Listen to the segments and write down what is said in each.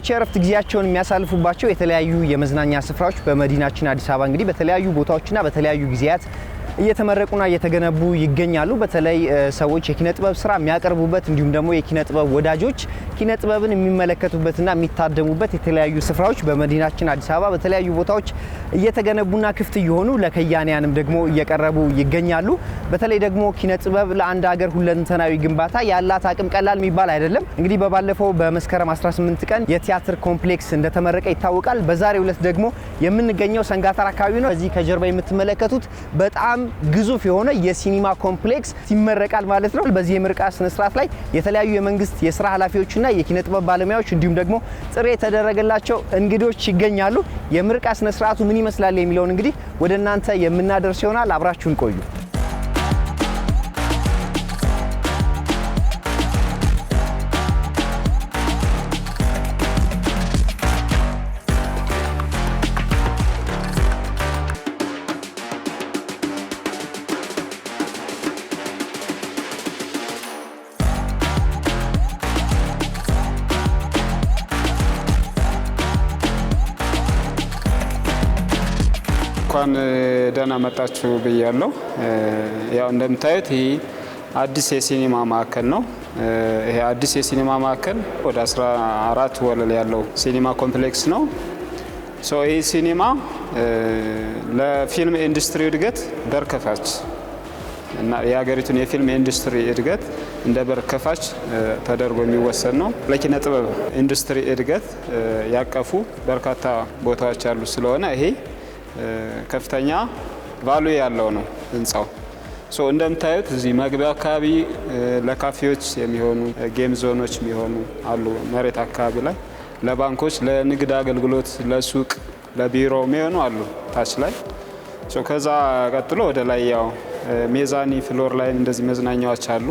ሰዎች የእረፍት ጊዜያቸውን የሚያሳልፉባቸው የተለያዩ የመዝናኛ ስፍራዎች በመዲናችን አዲስ አበባ እንግዲህ በተለያዩ ቦታዎችና በተለያዩ ጊዜያት እየተመረቁና እየተገነቡ ይገኛሉ። በተለይ ሰዎች የኪነ ጥበብ ስራ የሚያቀርቡበት እንዲሁም ደግሞ የኪነ ጥበብ ወዳጆች ኪነ ጥበብን የሚመለከቱበትና የሚታደሙበት የተለያዩ ስፍራዎች በመዲናችን አዲስ አበባ በተለያዩ ቦታዎች እየተገነቡና ክፍት እየሆኑ ለከያንያንም ደግሞ እየቀረቡ ይገኛሉ። በተለይ ደግሞ ኪነ ጥበብ ለአንድ ሀገር ሁለንተናዊ ግንባታ ያላት አቅም ቀላል የሚባል አይደለም። እንግዲህ በባለፈው በመስከረም 18 ቀን የቲያትር ኮምፕሌክስ እንደተመረቀ ይታወቃል። በዛሬው ዕለት ደግሞ የምንገኘው ሰንጋተራ አካባቢ ነው። እዚህ ከጀርባ የምትመለከቱት በጣም በጣም ግዙፍ የሆነ የሲኒማ ኮምፕሌክስ ይመረቃል ማለት ነው። በዚህ የምርቃ ስነስርዓት ላይ የተለያዩ የመንግስት የስራ ኃላፊዎችና የኪነ ጥበብ ባለሙያዎች እንዲሁም ደግሞ ጥሪ የተደረገላቸው እንግዶች ይገኛሉ። የምርቃ ስነስርዓቱ ምን ይመስላል የሚለውን እንግዲህ ወደ እናንተ የምናደርስ ይሆናል። አብራችሁን ቆዩ። እንኳን ደህና መጣችሁ ብያለሁ። ያው እንደምታዩት ይህ አዲስ የሲኒማ ማዕከል ነው። ይሄ አዲስ የሲኒማ ማዕከል ወደ 14 ወለል ያለው ሲኒማ ኮምፕሌክስ ነው። ሶ ይህ ሲኒማ ለፊልም ኢንዱስትሪ እድገት በር ከፋች እና የሀገሪቱን የፊልም ኢንዱስትሪ እድገት እንደ በር ከፋች ተደርጎ የሚወሰድ ነው። ለኪነ ጥበብ ኢንዱስትሪ እድገት ያቀፉ በርካታ ቦታዎች ያሉ ስለሆነ ይሄ ከፍተኛ ቫሉ ያለው ነው ህንፃው። ሶ እንደምታዩት እዚህ መግቢያ አካባቢ ለካፌዎች የሚሆኑ ጌም ዞኖች የሚሆኑ አሉ። መሬት አካባቢ ላይ ለባንኮች፣ ለንግድ አገልግሎት፣ ለሱቅ፣ ለቢሮ የሚሆኑ አሉ ታች ላይ። ሶ ከዛ ቀጥሎ ወደ ላይ ያው ሜዛኒ ፍሎር ላይ እንደዚህ መዝናኛዎች አሉ።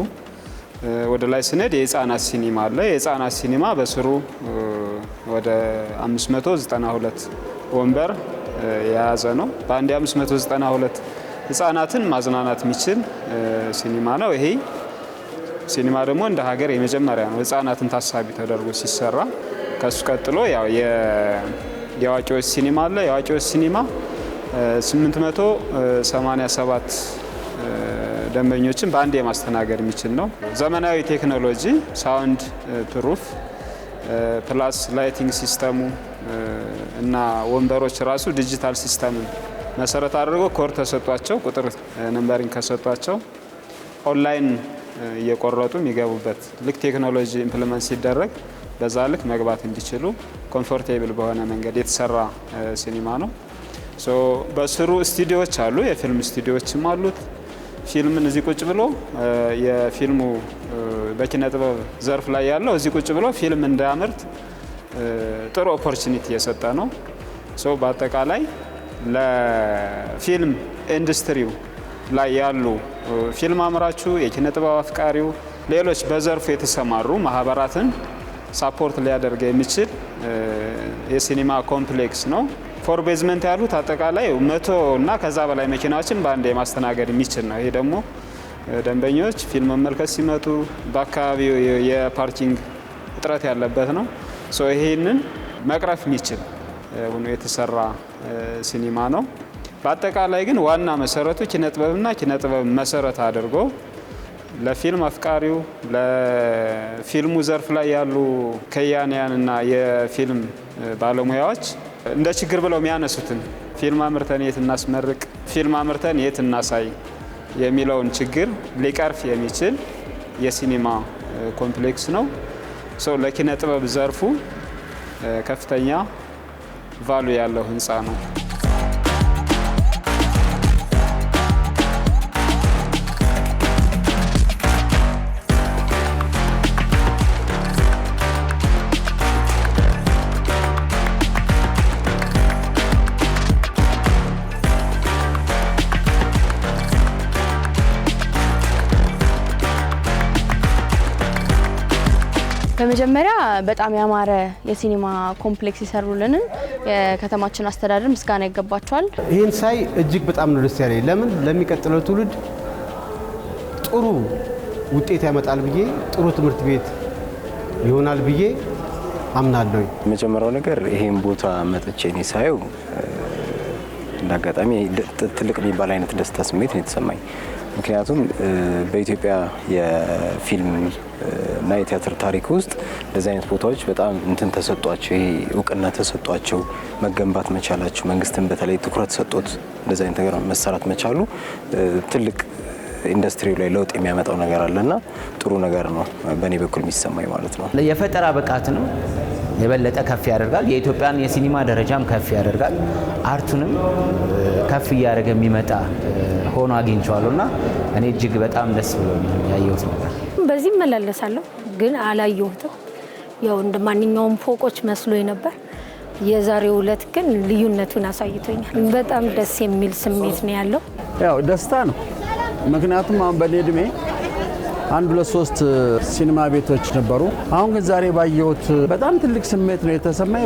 ወደ ላይ ስንሄድ የህፃናት ሲኒማ አለ። የህፃናት ሲኒማ በስሩ ወደ 592 ወንበር የያዘ ነው። በአንድ 592 ህጻናትን ማዝናናት የሚችል ሲኒማ ነው። ይሄ ሲኒማ ደግሞ እንደ ሀገር የመጀመሪያ ነው ህጻናትን ታሳቢ ተደርጎ ሲሰራ። ከሱ ቀጥሎ ያው የአዋቂዎች ሲኒማ አለ። የአዋቂዎች ሲኒማ 887 ደንበኞችን በአንድ የማስተናገድ የሚችል ነው። ዘመናዊ ቴክኖሎጂ ሳውንድ ፕሩፍ ፕላስ ላይቲንግ ሲስተሙ እና ወንበሮች ራሱ ዲጂታል ሲስተም መሰረት አድርጎ ኮድ ተሰጧቸው ቁጥር ነምበሪንግ ከሰጧቸው ኦንላይን እየቆረጡ የሚገቡበት ልክ ቴክኖሎጂ ኢምፕልመንት ሲደረግ በዛ ልክ መግባት እንዲችሉ ኮምፎርቴብል በሆነ መንገድ የተሰራ ሲኒማ ነው። በስሩ ስቱዲዮዎች አሉ፣ የፊልም ስቱዲዮዎችም አሉት። ፊልምን እዚህ ቁጭ ብሎ የፊልሙ በኪነ ጥበብ ዘርፍ ላይ ያለው እዚህ ቁጭ ብሎ ፊልም እንዳያምርት ጥሩ ኦፖርቹኒቲ የሰጠ ነው። ሶ በአጠቃላይ ለፊልም ኢንዱስትሪው ላይ ያሉ ፊልም አምራቹ፣ የኪነ ጥበብ አፍቃሪው፣ ሌሎች በዘርፉ የተሰማሩ ማህበራትን ሳፖርት ሊያደርግ የሚችል የሲኒማ ኮምፕሌክስ ነው። ፎር ቤዝመንት ያሉት አጠቃላይ መቶ እና ከዛ በላይ መኪናዎችን በአንድ የማስተናገድ የሚችል ነው። ይሄ ደግሞ ደንበኞች ፊልም መመልከት ሲመጡ በአካባቢው የፓርኪንግ እጥረት ያለበት ነው። ይሄንን መቅረፍ የሚችል ሆኖ የተሰራ ሲኒማ ነው። በአጠቃላይ ግን ዋና መሰረቱ ኪነጥበብና ኪነጥበብ መሰረት አድርጎ ለፊልም አፍቃሪው ለፊልሙ ዘርፍ ላይ ያሉ ከያንያንና የፊልም ባለሙያዎች እንደ ችግር ብለው የሚያነሱትን ፊልም አምርተን የት እናስመርቅ፣ ፊልም አምርተን የት እናሳይ የሚለውን ችግር ሊቀርፍ የሚችል የሲኒማ ኮምፕሌክስ ነው። ለኪነ ጥበብ ዘርፉ ከፍተኛ ቫሉ ያለው ህንፃ ነው። በመጀመሪያ በጣም ያማረ የሲኒማ ኮምፕሌክስ ይሰሩልንን የከተማችን አስተዳደር ምስጋና ይገባቸዋል። ይህን ሳይ እጅግ በጣም ነው ደስ ያለኝ። ለምን ለሚቀጥለው ትውልድ ጥሩ ውጤት ያመጣል ብዬ ጥሩ ትምህርት ቤት ይሆናል ብዬ አምናለሁ። የመጀመሪያው ነገር ይህን ቦታ መጥቼ እኔ ሳየው እንዳጋጣሚ ትልቅ የሚባል አይነት ደስታ ስሜት ነው የተሰማኝ። ምክንያቱም በኢትዮጵያ የፊልም እና የቲያትር ታሪክ ውስጥ እንደዚህ አይነት ቦታዎች በጣም እንትን ተሰጧቸው፣ ይሄ እውቅና ተሰጧቸው መገንባት መቻላቸው መንግስትን በተለይ ትኩረት ሰጦት እንደዚህ አይነት ነገር መሰራት መቻሉ ትልቅ ኢንዱስትሪው ላይ ለውጥ የሚያመጣው ነገር አለና ጥሩ ነገር ነው በእኔ በኩል የሚሰማኝ ማለት ነው። የፈጠራ ብቃት ነው የበለጠ ከፍ ያደርጋል። የኢትዮጵያን የሲኒማ ደረጃም ከፍ ያደርጋል። አርቱንም ከፍ እያደረገ የሚመጣ ሆኖ አግኝቼዋለሁ እና እኔ እጅግ በጣም ደስ ብሎ ያየሁት ነገር በዚህ እመላለሳለሁ፣ ግን አላየሁትም። ያው እንደ ማንኛውም ፎቆች መስሎ ነበር። የዛሬው ዕለት ግን ልዩነቱን አሳይቶኛል። በጣም ደስ የሚል ስሜት ነው ያለው። ያው ደስታ ነው። ምክንያቱም አሁን በኔ እድሜ አንድ ሁለት ሶስት ሲኒማ ቤቶች ነበሩ። አሁን ግን ዛሬ ባየሁት በጣም ትልቅ ስሜት ነው የተሰማኝ።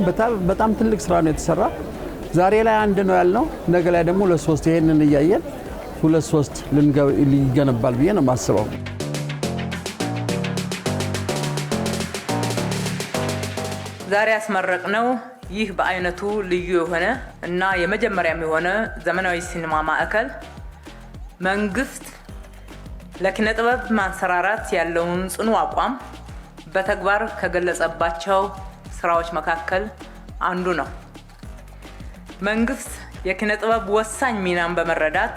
በጣም ትልቅ ስራ ነው የተሰራ። ዛሬ ላይ አንድ ነው ያልነው፣ ነገ ላይ ደግሞ ሁለት ሶስት ይሄንን እያየን ሁለት ሶስት ሊገነባል ብዬ ነው የማስበው። ዛሬ ያስመረቅ ነው። ይህ በአይነቱ ልዩ የሆነ እና የመጀመሪያም የሆነ ዘመናዊ ሲኒማ ማዕከል መንግስት ለኪነ ጥበብ ማንሰራራት ያለውን ጽኑ አቋም በተግባር ከገለጸባቸው ስራዎች መካከል አንዱ ነው። መንግስት የኪነ ጥበብ ወሳኝ ሚናን በመረዳት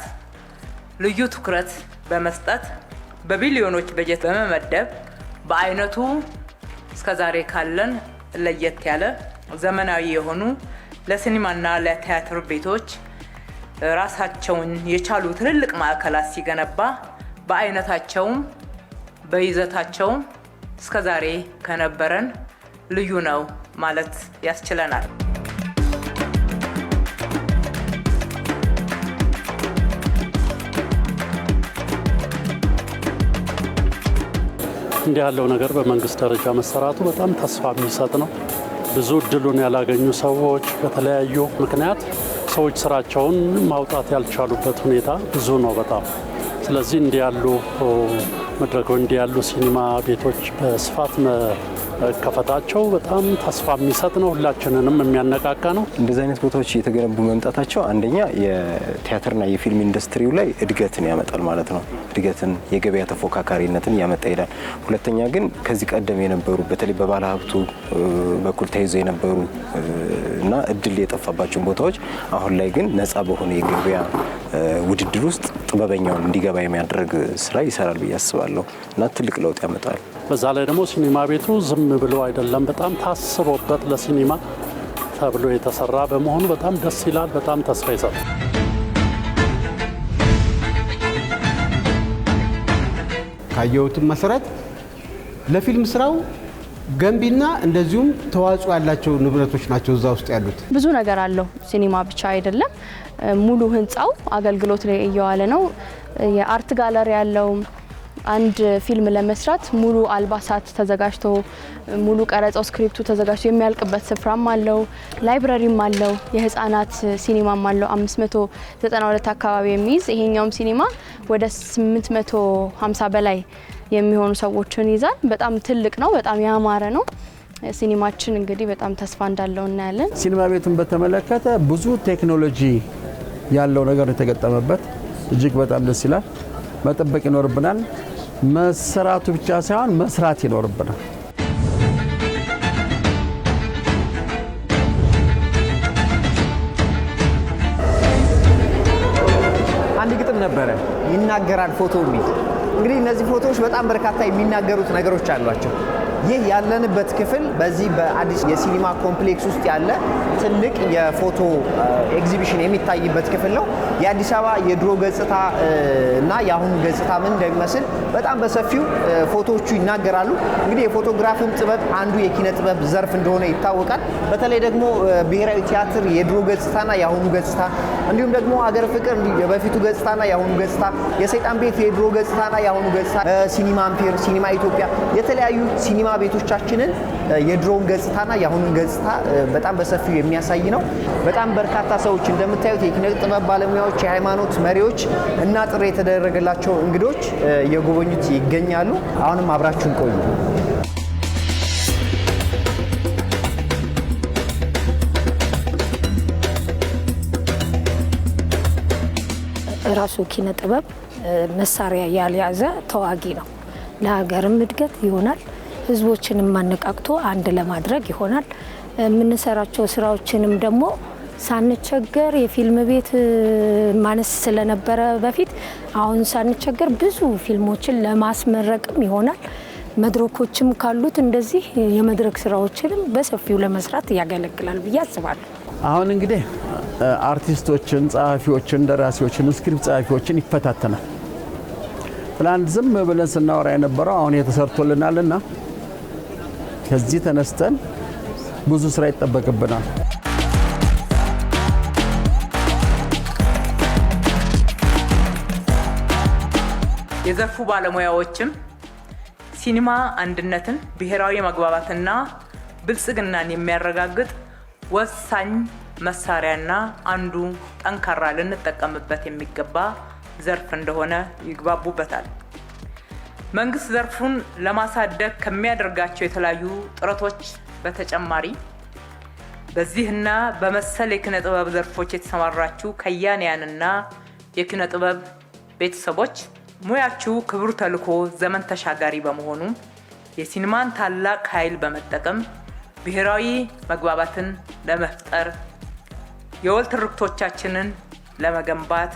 ልዩ ትኩረት በመስጠት በቢሊዮኖች በጀት በመመደብ በአይነቱ እስከዛሬ ካለን ለየት ያለ ዘመናዊ የሆኑ ለሲኒማና ለቲያትር ቤቶች ራሳቸውን የቻሉ ትልልቅ ማዕከላት ሲገነባ በአይነታቸውም በይዘታቸውም እስከዛሬ ከነበረን ልዩ ነው ማለት ያስችለናል። እንዲህ ያለው ነገር በመንግስት ደረጃ መሰራቱ በጣም ተስፋ የሚሰጥ ነው። ብዙ እድሉን ያላገኙ ሰዎች በተለያዩ ምክንያት ሰዎች ስራቸውን ማውጣት ያልቻሉበት ሁኔታ ብዙ ነው በጣም ስለዚህ እንዲህ ያሉ መድረኮች እንዲህ ያሉ ሲኒማ ቤቶች በስፋት መከፈታቸው በጣም ተስፋ የሚሰጥ ነው፣ ሁላችንንም የሚያነቃቃ ነው። እንደዚህ አይነት ቦታዎች እየተገነቡ መምጣታቸው አንደኛ የቲያትርና የፊልም ኢንዱስትሪው ላይ እድገትን ያመጣል ማለት ነው። እድገትን፣ የገበያ ተፎካካሪነትን እያመጣ ይሄዳል። ሁለተኛ ግን ከዚህ ቀደም የነበሩ በተለይ በባለ ሀብቱ በኩል ተይዞ የነበሩ እና እድል የጠፋባቸውን ቦታዎች አሁን ላይ ግን ነጻ በሆነ የገበያ ውድድር ውስጥ ጥበበኛውን እንዲገባ የሚያደርግ ስራ ይሰራል ብዬ አስባለሁ እና ትልቅ ለውጥ ያመጣል። በዛ ላይ ደግሞ ሲኒማ ቤቱ ዝም ብሎ አይደለም፣ በጣም ታስቦበት ለሲኒማ ተብሎ የተሰራ በመሆኑ በጣም ደስ ይላል። በጣም ተስፋ ይሰጣል። ካየሁትም መሰረት ለፊልም ስራው ገንቢና እንደዚሁም ተዋጽኦ ያላቸው ንብረቶች ናቸው እዛ ውስጥ ያሉት። ብዙ ነገር አለው። ሲኒማ ብቻ አይደለም፣ ሙሉ ህንፃው አገልግሎት ላይ እየዋለ ነው። የአርት ጋለሪ ያለው አንድ ፊልም ለመስራት ሙሉ አልባሳት ተዘጋጅቶ ሙሉ ቀረጻው፣ ስክሪፕቱ ተዘጋጅቶ የሚያልቅበት ስፍራም አለው፣ ላይብረሪም አለው፣ የህፃናት ሲኒማም አለው 592 አካባቢ የሚይዝ ይሄኛውም ሲኒማ ወደ 850 በላይ የሚሆኑ ሰዎችን ይዛል። በጣም ትልቅ ነው። በጣም ያማረ ነው። ሲኒማችን እንግዲህ በጣም ተስፋ እንዳለው እናያለን። ሲኒማ ቤቱን በተመለከተ ብዙ ቴክኖሎጂ ያለው ነገር የተገጠመበት እጅግ በጣም ደስ ይላል። መጠበቅ ይኖርብናል። መሰራቱ ብቻ ሳይሆን መስራት ይኖርብናል። አንድ ግጥም ነበረ ይናገራል ፎቶ የሚል እንግዲህ እነዚህ ፎቶዎች በጣም በርካታ የሚናገሩት ነገሮች አሏቸው። ይህ ያለንበት ክፍል በዚህ በአዲስ የሲኒማ ኮምፕሌክስ ውስጥ ያለ ትልቅ የፎቶ ኤግዚቢሽን የሚታይበት ክፍል ነው። የአዲስ አበባ የድሮ ገጽታ እና የአሁኑ ገጽታ ምን እንደሚመስል በጣም በሰፊው ፎቶዎቹ ይናገራሉ። እንግዲህ የፎቶግራፍም ጥበብ አንዱ የኪነ ጥበብ ዘርፍ እንደሆነ ይታወቃል። በተለይ ደግሞ ብሔራዊ ቲያትር የድሮ ገጽታና የአሁኑ ገጽታ እንዲሁም ደግሞ አገር ፍቅር የበፊቱ ገጽታና የአሁኑ ገጽታ፣ የሰይጣን ቤት የድሮ ገጽታና የአሁኑ ገጽታ፣ ሲኒማ አምፔር፣ ሲኒማ ኢትዮጵያ የተለያዩ ሲኒማ ቤቶቻችንን የድሮውን ገጽታና የአሁኑን ገጽታ በጣም በሰፊው የሚያሳይ ነው። በጣም በርካታ ሰዎች እንደምታዩት የኪነ ጥበብ ባለሙያዎች፣ የሃይማኖት መሪዎች እና ጥሪ የተደረገላቸው እንግዶች የጎበኙት ይገኛሉ። አሁንም አብራችሁን ቆዩ። ራሱ ኪነ ጥበብ መሳሪያ ያልያዘ ተዋጊ ነው። ለሀገርም እድገት ይሆናል ህዝቦችንም ማነቃቅቶ አንድ ለማድረግ ይሆናል። የምንሰራቸው ስራዎችንም ደግሞ ሳንቸገር የፊልም ቤት ማነስ ስለነበረ በፊት አሁን ሳንቸገር ብዙ ፊልሞችን ለማስመረቅም ይሆናል። መድረኮችም ካሉት እንደዚህ የመድረክ ስራዎችንም በሰፊው ለመስራት ያገለግላል ብዬ አስባለሁ። አሁን እንግዲህ አርቲስቶችን፣ ጸሐፊዎችን፣ ደራሲዎችን፣ ስክሪፕት ጸሐፊዎችን ይፈታተናል። ትላንት ዝም ብለን ስናወራ የነበረው አሁን የተሰርቶልናልና ከዚህ ተነስተን ብዙ ስራ ይጠበቅብናል። የዘርፉ ባለሙያዎችም ሲኒማ አንድነትን፣ ብሔራዊ መግባባትና ብልጽግናን የሚያረጋግጥ ወሳኝ መሳሪያና አንዱ ጠንካራ ልንጠቀምበት የሚገባ ዘርፍ እንደሆነ ይግባቡበታል። መንግስት ዘርፉን ለማሳደግ ከሚያደርጋቸው የተለያዩ ጥረቶች በተጨማሪ በዚህና በመሰል የኪነ ጥበብ ዘርፎች የተሰማራችሁ ከያንያንና የኪነ ጥበብ ቤተሰቦች ሙያችሁ ክቡር ተልኮ ዘመን ተሻጋሪ በመሆኑ የሲኒማን ታላቅ ኃይል በመጠቀም ብሔራዊ መግባባትን ለመፍጠር የወል ትርክቶቻችንን ለመገንባት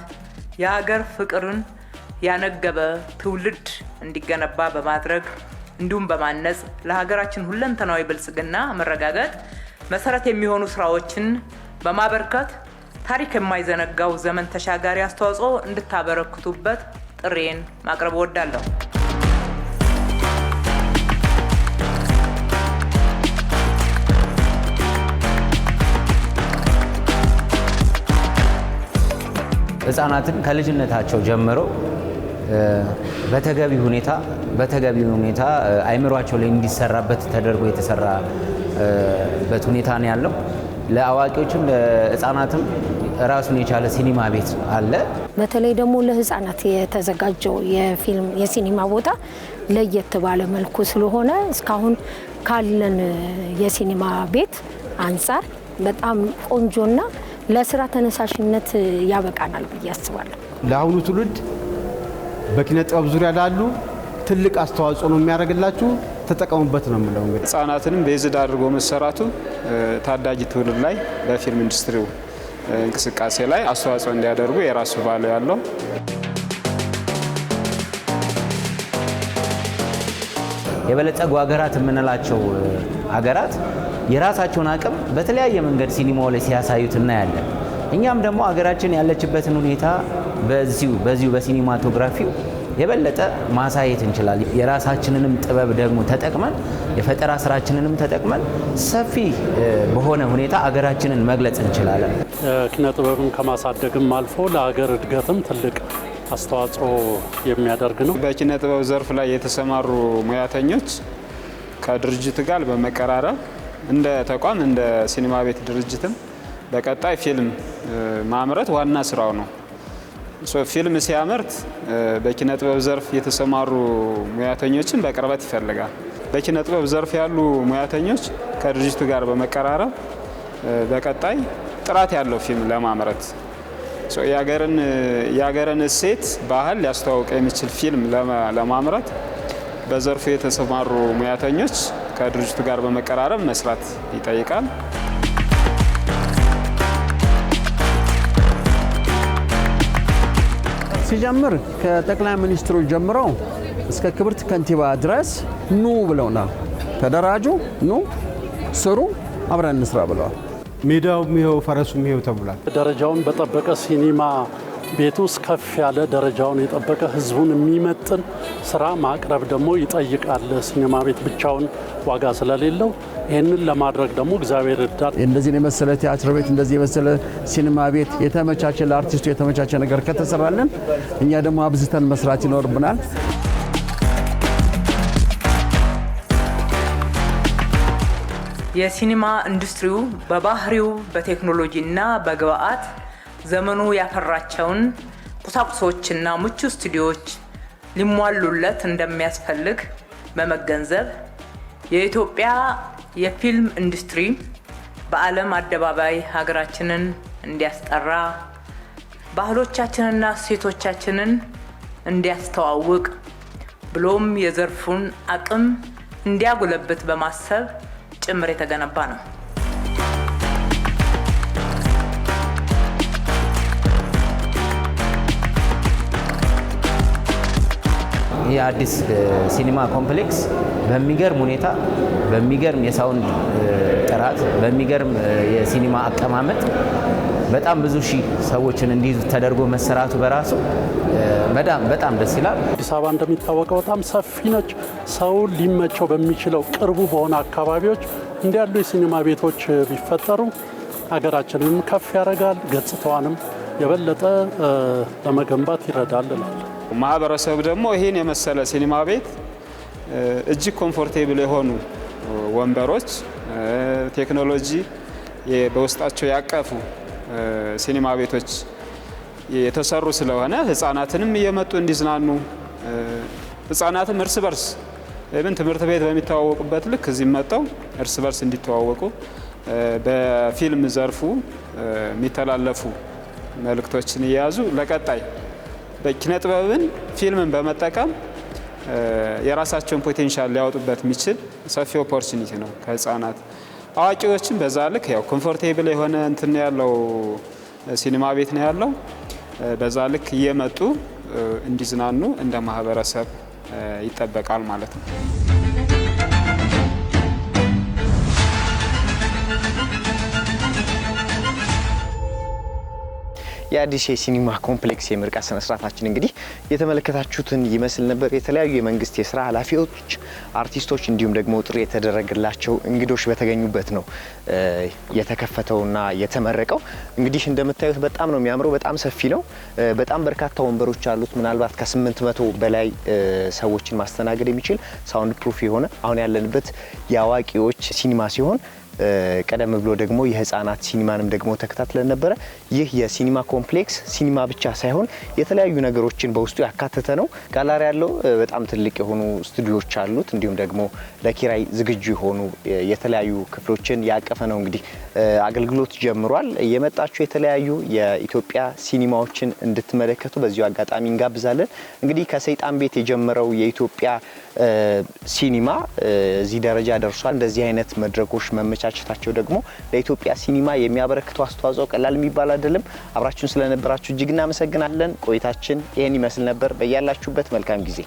የሀገር ፍቅርን ያነገበ ትውልድ እንዲገነባ በማድረግ እንዲሁም በማነጽ ለሀገራችን ሁለንተናዊ ብልጽግና መረጋገጥ መሰረት የሚሆኑ ስራዎችን በማበርከት ታሪክ የማይዘነጋው ዘመን ተሻጋሪ አስተዋጽኦ እንድታበረክቱበት ጥሬን ማቅረብ እወዳለሁ። ህጻናትን ከልጅነታቸው ጀምረው በተገቢ ሁኔታ በተገቢ ሁኔታ አይምሯቸው ላይ እንዲሰራበት ተደርጎ የተሰራበት ሁኔታ ነው ያለው። ለአዋቂዎችም ለህፃናትም ራሱን የቻለ ሲኒማ ቤት አለ። በተለይ ደግሞ ለህፃናት የተዘጋጀው የፊልም የሲኒማ ቦታ ለየት ባለ መልኩ ስለሆነ እስካሁን ካለን የሲኒማ ቤት አንጻር በጣም ቆንጆና ለስራ ተነሳሽነት ያበቃናል ብዬ አስባለሁ። ለአሁኑ ትውልድ በኪነ ጥበብ ዙሪያ ላሉ ትልቅ አስተዋጽኦ ነው የሚያደርግላችሁ። ተጠቀሙበት ነው የምለው። እንግዲህ ህጻናትንም ቤዝድ አድርጎ መሰራቱ ታዳጊ ትውልድ ላይ በፊልም ኢንዱስትሪው እንቅስቃሴ ላይ አስተዋጽኦ እንዲያደርጉ የራሱ ባለ ያለው የበለጸጉ ሀገራት የምንላቸው ሀገራት የራሳቸውን አቅም በተለያየ መንገድ ሲኒማው ላይ ሲያሳዩት እናያለን። እኛም ደግሞ ሀገራችን ያለችበትን ሁኔታ በዚሁ በዚሁ በሲኒማቶግራፊው የበለጠ ማሳየት እንችላለን። የራሳችንንም ጥበብ ደግሞ ተጠቅመን የፈጠራ ስራችንንም ተጠቅመን ሰፊ በሆነ ሁኔታ አገራችንን መግለጽ እንችላለን። ኪነ ጥበብን ከማሳደግም አልፎ ለሀገር እድገትም ትልቅ አስተዋጽኦ የሚያደርግ ነው። በኪነ ጥበብ ዘርፍ ላይ የተሰማሩ ሙያተኞች ከድርጅት ጋር በመቀራረብ እንደ ተቋም እንደ ሲኒማ ቤት ድርጅትም በቀጣይ ፊልም ማምረት ዋና ስራው ነው። ፊልም ሲያመርት በኪነ ጥበብ ዘርፍ የተሰማሩ ሙያተኞችን በቅርበት ይፈልጋል። በኪነ ጥበብ ዘርፍ ያሉ ሙያተኞች ከድርጅቱ ጋር በመቀራረብ በቀጣይ ጥራት ያለው ፊልም ለማምረት የሀገርን እሴት፣ ባህል ሊያስተዋውቅ የሚችል ፊልም ለማምረት በዘርፉ የተሰማሩ ሙያተኞች ከድርጅቱ ጋር በመቀራረብ መስራት ይጠይቃል። ሲጀምር ከጠቅላይ ሚኒስትሩ ጀምሮ እስከ ክብርት ከንቲባ ድረስ ኑ ብለውናል። ተደራጁ፣ ኑ ስሩ፣ አብረን እንስራ ብለዋል። ሜዳው ይኸው ፈረሱ ይኸው ተብሏል። ደረጃውን በጠበቀ ሲኒማ ቤት ውስጥ ከፍ ያለ ደረጃውን የጠበቀ ህዝቡን የሚመጥን ስራ ማቅረብ ደግሞ ይጠይቃል። ሲኒማ ቤት ብቻውን ዋጋ ስለሌለው ይህንን ለማድረግ ደግሞ እግዚአብሔር እዳል። እንደዚህ የመሰለ ቲያትር ቤት፣ እንደዚህ የመሰለ ሲኒማ ቤት የተመቻቸ ለአርቲስቱ የተመቻቸ ነገር ከተሰራለን እኛ ደግሞ አብዝተን መስራት ይኖርብናል። የሲኒማ ኢንዱስትሪው በባህሪው በቴክኖሎጂና በግብአት ዘመኑ ያፈራቸውን ቁሳቁሶችና ምቹ ስቱዲዮዎች ሊሟሉለት እንደሚያስፈልግ በመገንዘብ የኢትዮጵያ የፊልም ኢንዱስትሪ በዓለም አደባባይ ሀገራችንን እንዲያስጠራ ባህሎቻችንና እሴቶቻችንን እንዲያስተዋውቅ ብሎም የዘርፉን አቅም እንዲያጎለብት በማሰብ ጭምር የተገነባ ነው። ይህ አዲስ ሲኒማ ኮምፕሌክስ በሚገርም ሁኔታ በሚገርም የሳውንድ ጥራት በሚገርም የሲኒማ አቀማመጥ በጣም ብዙ ሺህ ሰዎችን እንዲይዙ ተደርጎ መሰራቱ በራሱ በጣም በጣም ደስ ይላል። አዲስ አበባ እንደሚታወቀው በጣም ሰፊ ነች። ሰው ሊመቸው በሚችለው ቅርቡ በሆነ አካባቢዎች እንዲያሉ የሲኒማ ቤቶች ቢፈጠሩ ሀገራችንንም ከፍ ያደርጋል፣ ገጽታዋንም የበለጠ ለመገንባት ይረዳል። ማህበረሰብ ደግሞ ይህን የመሰለ ሲኒማ ቤት እጅግ ኮምፎርቴብል የሆኑ ወንበሮች፣ ቴክኖሎጂ በውስጣቸው ያቀፉ ሲኒማ ቤቶች የተሰሩ ስለሆነ ህጻናትንም እየመጡ እንዲዝናኑ ህጻናትም እርስ በርስ ምን ትምህርት ቤት በሚተዋወቁበት ልክ እዚህም መጥተው እርስ በርስ እንዲተዋወቁ በፊልም ዘርፉ የሚተላለፉ መልእክቶችን እየያዙ ለቀጣይ በኪነ ጥበብን ፊልምን በመጠቀም የራሳቸውን ፖቴንሻል ሊያወጡበት የሚችል ሰፊ ኦፖርቹኒቲ ነው። ከህፃናት አዋቂዎችን በዛ ልክ ያው ኮምፎርቴብል የሆነ እንትን ያለው ሲኒማ ቤት ነው ያለው። በዛ ልክ እየመጡ እንዲዝናኑ እንደ ማህበረሰብ ይጠበቃል ማለት ነው። የአዲስ የሲኒማ ኮምፕሌክስ የምርቃ ስነስርዓታችን እንግዲህ የተመለከታችሁትን ይመስል ነበር። የተለያዩ የመንግስት የስራ ኃላፊዎች፣ አርቲስቶች እንዲሁም ደግሞ ጥሪ የተደረገላቸው እንግዶች በተገኙበት ነው የተከፈተውና የተመረቀው። እንግዲህ እንደምታዩት በጣም ነው የሚያምረው። በጣም ሰፊ ነው። በጣም በርካታ ወንበሮች አሉት። ምናልባት ከስምንት መቶ በላይ ሰዎችን ማስተናገድ የሚችል ሳውንድ ፕሩፍ የሆነ አሁን ያለንበት የአዋቂዎች ሲኒማ ሲሆን ቀደም ብሎ ደግሞ የህፃናት ሲኒማንም ደግሞ ተከታትለን ነበረ። ይህ የሲኒማ ኮምፕሌክስ ሲኒማ ብቻ ሳይሆን የተለያዩ ነገሮችን በውስጡ ያካተተ ነው። ጋላሪ ያለው በጣም ትልቅ የሆኑ ስቱዲዮዎች አሉት። እንዲሁም ደግሞ ለኪራይ ዝግጁ የሆኑ የተለያዩ ክፍሎችን ያቀፈ ነው እንግዲህ አገልግሎት ጀምሯል። እየመጣችሁ የተለያዩ የኢትዮጵያ ሲኒማዎችን እንድትመለከቱ በዚሁ አጋጣሚ እንጋብዛለን። እንግዲህ ከሰይጣን ቤት የጀመረው የኢትዮጵያ ሲኒማ እዚህ ደረጃ ደርሷል። እንደዚህ አይነት መድረኮች መመቻቸታቸው ደግሞ ለኢትዮጵያ ሲኒማ የሚያበረክተው አስተዋጽኦ ቀላል የሚባል አይደለም። አብራችሁን ስለነበራችሁ እጅግ እናመሰግናለን። ቆይታችን ይህን ይመስል ነበር። በያላችሁበት መልካም ጊዜ